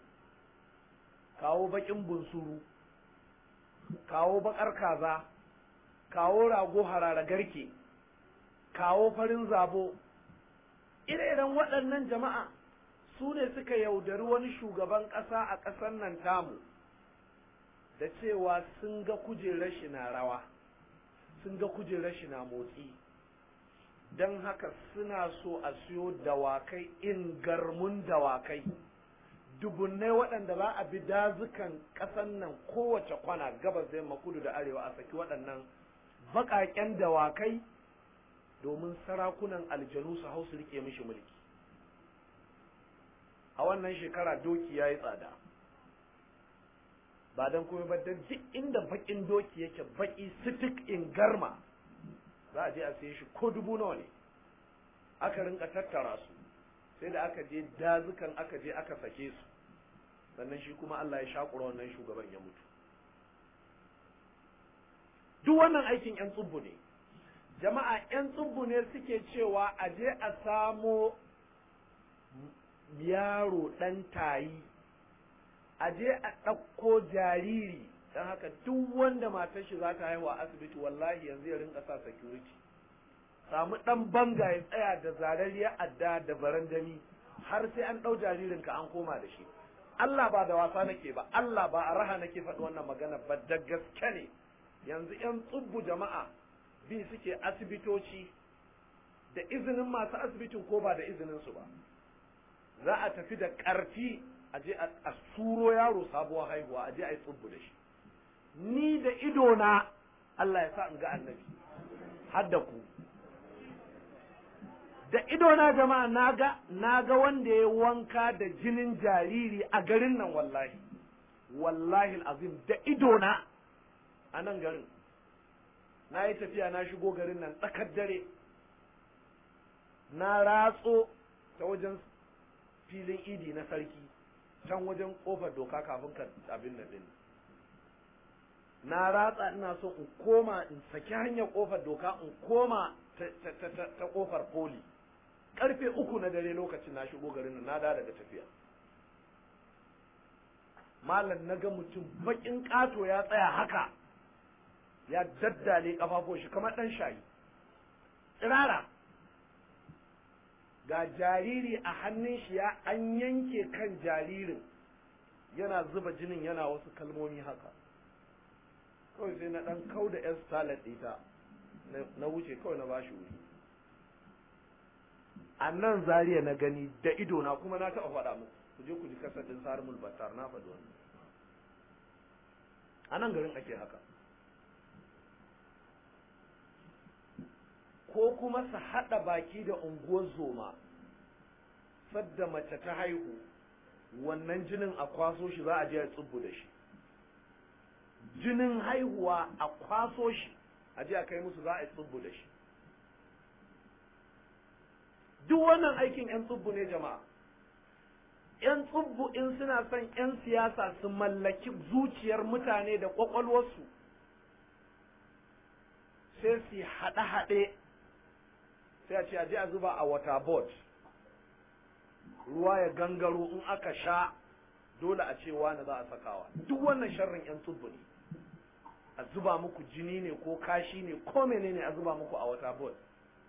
kawo baƙin bunsuru kawo baƙar kaza kawo rago harara garke kawo farin zabo ire-iren waɗannan jama'a su ne suka yaudari wani shugaban ƙasa a ƙasar nan tamu da cewa sun ga kujerar shi na rawa sun ga kujerar shi na motsi don haka suna so a siyo dawakai in garmun dawakai dubunnai waɗanda ba a bi dazukan ƙasar nan kowace kwana gabas da makudu da arewa a saki waɗannan baƙaƙen dawakai domin sarakunan aljanu su hau su rike mishi mulki a wannan shekara doki ya yi tsada ba don kuma ba don duk inda bakin doki yake baki sitik in garma za a je a saye shi ko dubu nawa ne aka rinka tattara su sai da aka je dazukan aka je aka sake su sannan shi kuma Allah ya shakura wannan shugaban ya mutu duk wannan aikin yan tsubu ne jama'a 'yan tsubu ne suke cewa a je a samo yaro ɗan tayi a je a ɗauko jariri don haka duk wanda matar shi za ta haihuwa asibiti wallahi yanzu ya rinka sa security samu ɗan banga ya tsaya da zarariya adda da barandami har sai an ɗau jaririnka an koma da shi Allah ba da wasa nake ba Allah ba a raha nake faɗi wannan magana ba da gaske ne yanzu 'yan tsubbu jama'a bi suke asibitoci da izinin masu asibitin ko ba da izinin su ba za a tafi da ƙarfi a je a suro yaro sabuwar haihuwa a je a yi tsubbu da shi ni da idona Allah ya sa in ga annabi har da ku da idona jama'a naga ga wanda ya wanka da jinin jariri a garin nan wallahi wallahi azim da idona a nan garin na yi tafiya na shigo garin nan tsakar dare na ratso ta wajen filin idi na sarki can wajen kofar doka kafin ka abin da din na ratsa ina so in koma in saki hanyar kofar doka in koma ta kofar poli karfe uku na dare lokacin na shigo garin nan na da daga tafiya malam na ga mutum bakin kato ya tsaya haka ya daddale kafafo shi kamar dan shayi tsirara ga jariri a hannun shi ya an yanke kan jaririn yana zuba jinin yana wasu kalmomi haka kawai sai na dan kau da yan salad ta na wuce kawai na bashi wuri a nan zariya na gani da ido na kuma na taɓa faɗa mu ku je ku ji kasar din sarmul na faɗi wannan a nan garin ake haka ko kuma su haɗa baki da unguwar zoma fadda mace ta haihu wannan jinin a kwaso shi za a je a tsubbu da shi jinin haihuwa a kwaso shi a je a kai musu za a tsubbu da shi duk wannan aikin 'yan tsubbu ne jama'a 'yan tsubbu in suna son 'yan siyasa su mallaki zuciyar mutane da ƙwaƙwalwarsu sai su haɗe-haɗe sai a ce a je a zuba a water board ruwa ya gangaro in aka sha dole a ce wani za a sakawa duk wannan sharrin yan tubbu ne a zuba muku jini ne ko kashi ne ko ne a zuba muku a water board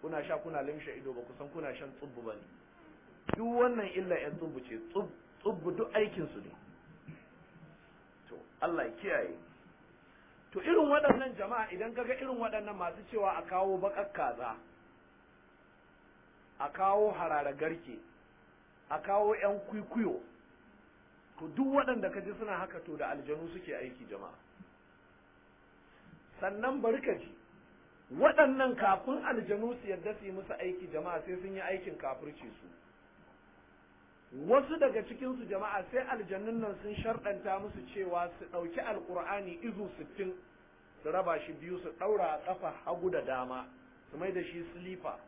kuna sha kuna limsha ido ba kusan kuna shan tsubbu ba ne duk wannan illa yan tsubbu ce tsubbu duk aikin ne to Allah ya kiyaye to irin waɗannan jama'a idan kaga irin waɗannan masu cewa a kawo baƙar kaza a kawo harara garke a kawo 'yan kwikwiyo to duk waɗanda ka ji suna haka to da aljanu suke aiki jama'a sannan bari ji waɗannan kafin aljanu su yadda su yi musu aiki jama'a sai sun yi aikin kafirci su wasu daga cikinsu jama'a sai aljannun nan sun sharɗanta musu cewa su ɗauki alƙur'ani izu sittin su raba shi biyu su ɗaura a ƙafa hagu da dama su mai da shi silifa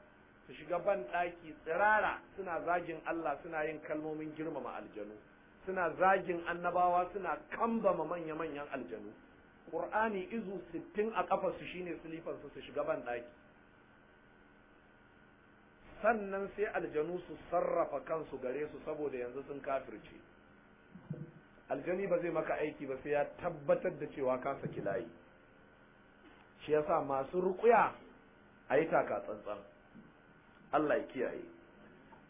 su shiga ban ɗaki tsirara suna zagin Allah suna yin kalmomin girmama aljanu suna zagin annabawa suna kambama manya-manyan aljanu Qur'ani izu sittin a ƙafarsu shine silifansu su shiga ban ɗaki sannan sai aljanu su sarrafa kansu gare su saboda yanzu sun kafirce aljani ba zai maka aiki ba sai ya tabbatar da cewa ka saki layi shi yasa masu ruƙuya a yi taka tsantsan Allah ya kiyaye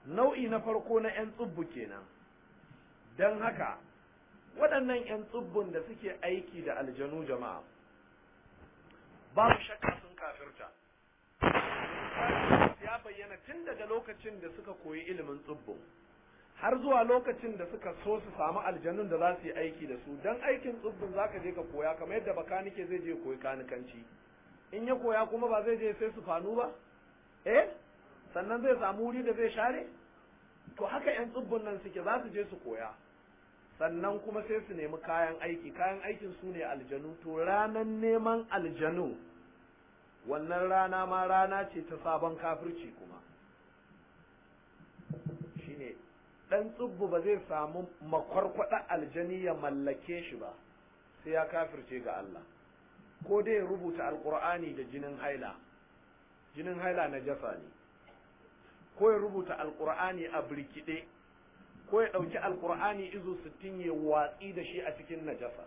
nau'i na farko na 'yan tsubbu kenan don haka waɗannan 'yan tsubbun da suke aiki da aljanu jama'a ba su shakka sun kafirta ya bayyana tun daga lokacin da suka koyi ilimin tsubbun har zuwa lokacin da suka so su samu aljanun da za su yi aiki da su don aikin tsubbun za ka je ka koya kamar yadda bakanike zai je koyi kanikanci in ya koya kuma ba zai je sai su fanu ba eh sannan zai samu wuri da zai share to haka yan tsubbun nan suke za su je su koya sannan kuma sai su nemi kayan aiki kayan aikin su ne aljanu to ranan neman aljanu wannan rana ma rana ce ta sabon kafirci kuma shine ɗan tsubbu ba zai samu makwarkwada aljani ya mallake shi ba sai ya kafirce ga Allah ko dai rubuta alqur'ani da jinin haila jinin haila na jasa ne ko ya rubuta alqur'ani a birkiɗe ko ya ɗauki alqur'ani izo sittin ya watsi da shi a cikin najasa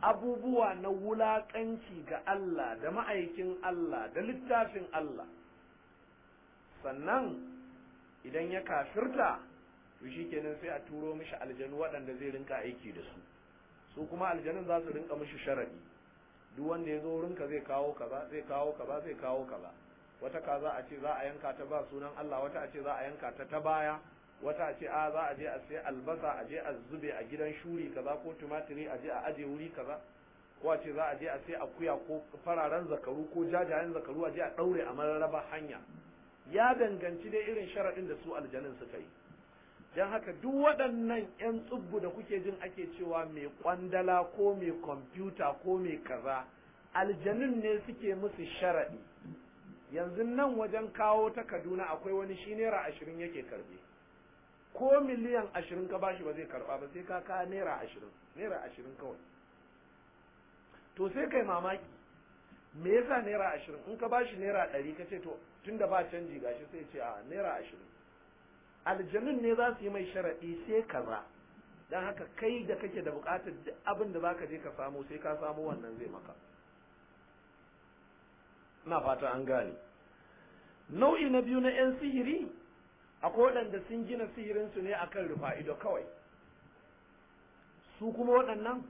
abubuwa na wulaƙanci ga Allah da ma'aikin Allah da littafin Allah sannan idan ya kafirta to kenan sai a turo mishi aljanu waɗanda zai rinka aiki da su su kuma aljanun za su rinka mishi sharadi duk wanda ya zo rinka zai kawo kaza zai kawo kaza zai kawo kaza wata za a ce za a yanka ta ba sunan Allah wata a ce za a yanka ta ta baya wata a ce a ah, za a je a sai albasa a je a zube a gidan shuri kaza ko tumatiri a je a aje wuri kaza ko a ce za a je a sai akuya ko fararen zakaru ko jajayen zakaru a je a daure a mararraba hanya ya danganci dai irin sharaɗin da su aljanin suka yi don haka duk waɗannan 'yan tsubbu da kuke jin ake cewa mai kwandala ko mai kwamfuta ko mai kaza aljanin ne suke musu sharaɗi yanzu nan wajen kawo ta kaduna akwai wani shi naira ashirin yake karbe ko miliyan ashirin ka bashi ba zai karba ba sai ka ka naira ashirin naira ashirin kawai to sai kai mamaki me yasa naira ashirin in ka bashi naira ɗari ka ce to tun da ba canji gashi sai ce a naira ashirin aljanun ne za su yi mai sharaɗi sai kaza don haka kai da kake da buƙatar duk abin da ba ka je ka samo sai ka samo wannan zai maka na fata an gane nau'i na biyu na 'yan sihiri akwai waɗanda sun gina sihirinsu ne akan rufa ido kawai su kuma waɗannan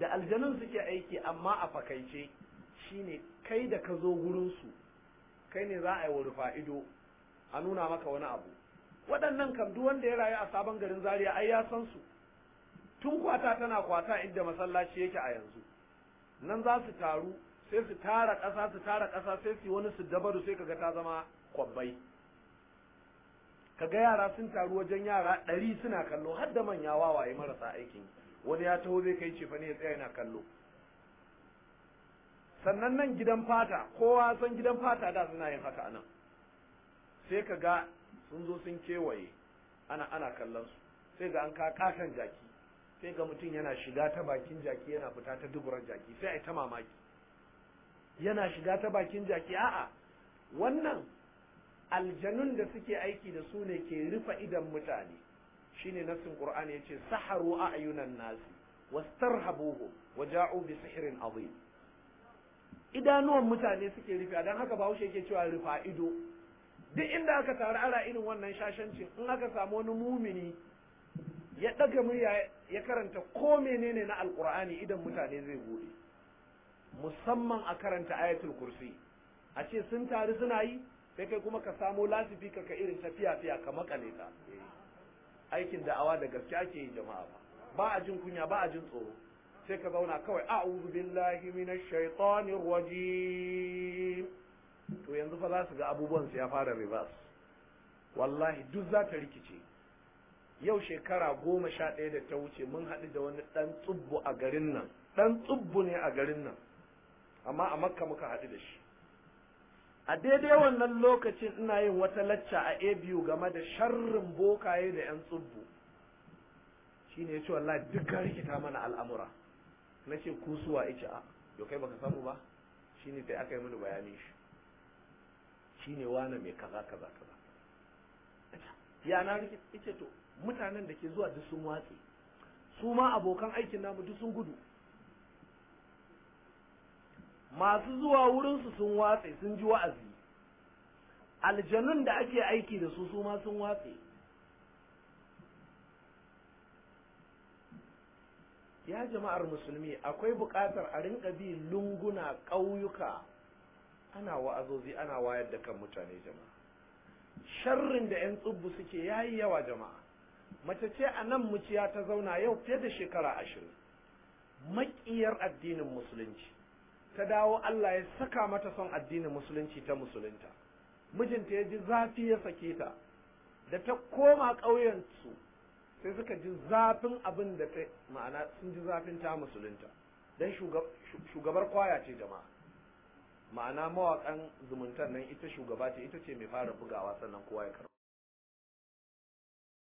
da aljanun suke aiki amma a fakaice shine kai da ka zo gurinsu kai ne za a yi wa rufa ido a nuna maka wani abu waɗannan kam duk wanda ya rayu a sabon garin zaria ai ya san su tun kwata tana kwata inda masallaci yake a yanzu nan za su taru sai su tara ƙasa su tara ƙasa sai su wani su dabaru sai kaga ta zama kwabbai kaga yara sun taru wajen yara ɗari suna kallo har da manya wawaye marasa aikin wani ya taho zai kai cefa ne ya tsaya yana kallo sannan nan gidan fata kowa san gidan fata da suna yin haka anan sai ka sun zo sun kewaye ana ana kallon su sai ga an ka katon jaki sai ga mutum yana shiga ta bakin jaki yana fita ta duburar jaki sai a ta mamaki yana shiga ta bakin jaki a'a wannan aljanun da suke aiki da su ne ke rufe idan mutane shine Kur'ani qur'ani yace saharu a'yunan nasi wastarhabuhu waja'u bi sihrin azim idanuwan mutane suke rufe dan haka bahaushe yake cewa rufa ido duk inda aka taru ara irin wannan shashancin in aka samu wani mumini ya ɗaga murya ya karanta ko menene na alkur'ani idan mutane zai bude musamman a karanta ayatul kursi a ce sun taru suna yi sai kai kuma ka samo lasifi ka ka irin tafiya fiya ka makale ta aikin da'awa da gaske ake yi jama'a ba ba a jin kunya ba a jin tsoro sai ka zauna kawai a'udhu billahi minash shaitanir rajim to yanzu fa za su ga abubuwan su ya fara reverse wallahi duk za ta rikice yau shekara goma sha ɗaya da ta wuce mun haɗu da wani ɗan tsubbu a garin nan ɗan tsubbu ne a garin nan amma a makka muka haɗu da shi a daidai wannan lokacin ina yin wata lacca a abu game da sharrin bokaye da 'yan tsubbu shi ne ya ce wallahi duk rikita mana al'amura na ce kusuwa ice a yau kai baka samu ba shi ne da aka yi mini bayanin shi shi ne wane mai kaza kaza kaza ya na rikita ice to mutanen da ke zuwa duk sun watse su ma abokan aikin namu duk sun gudu masu zuwa wurinsu sun watse sun ji wa'azi aljanun da ake aiki da su su ma sun watse ya jama'ar musulmi akwai buƙatar a rinka bi lunguna ƙauyuka ana wa'azozi ana wayar da kan mutane jama'a sharrin da 'yan tsubbu suke yayi yawa jama'a mace ce a nan muciya ta zauna yau fiye da shekara ashirin maƙiyar addinin musulunci ta dawo Allah ya saka mata son addinin musulunci ta musulunta mijinta ya ji zafi ya sake ta da ta koma ƙauyensu sai suka ji zafin abin da ta ma'ana sun ji zafin ta musulunta don shugabar kwaya ce jama'a ma'ana mawaƙan zumuntar nan ita shugaba ce ita ce mai fara bugawa sannan kowa ya karɓa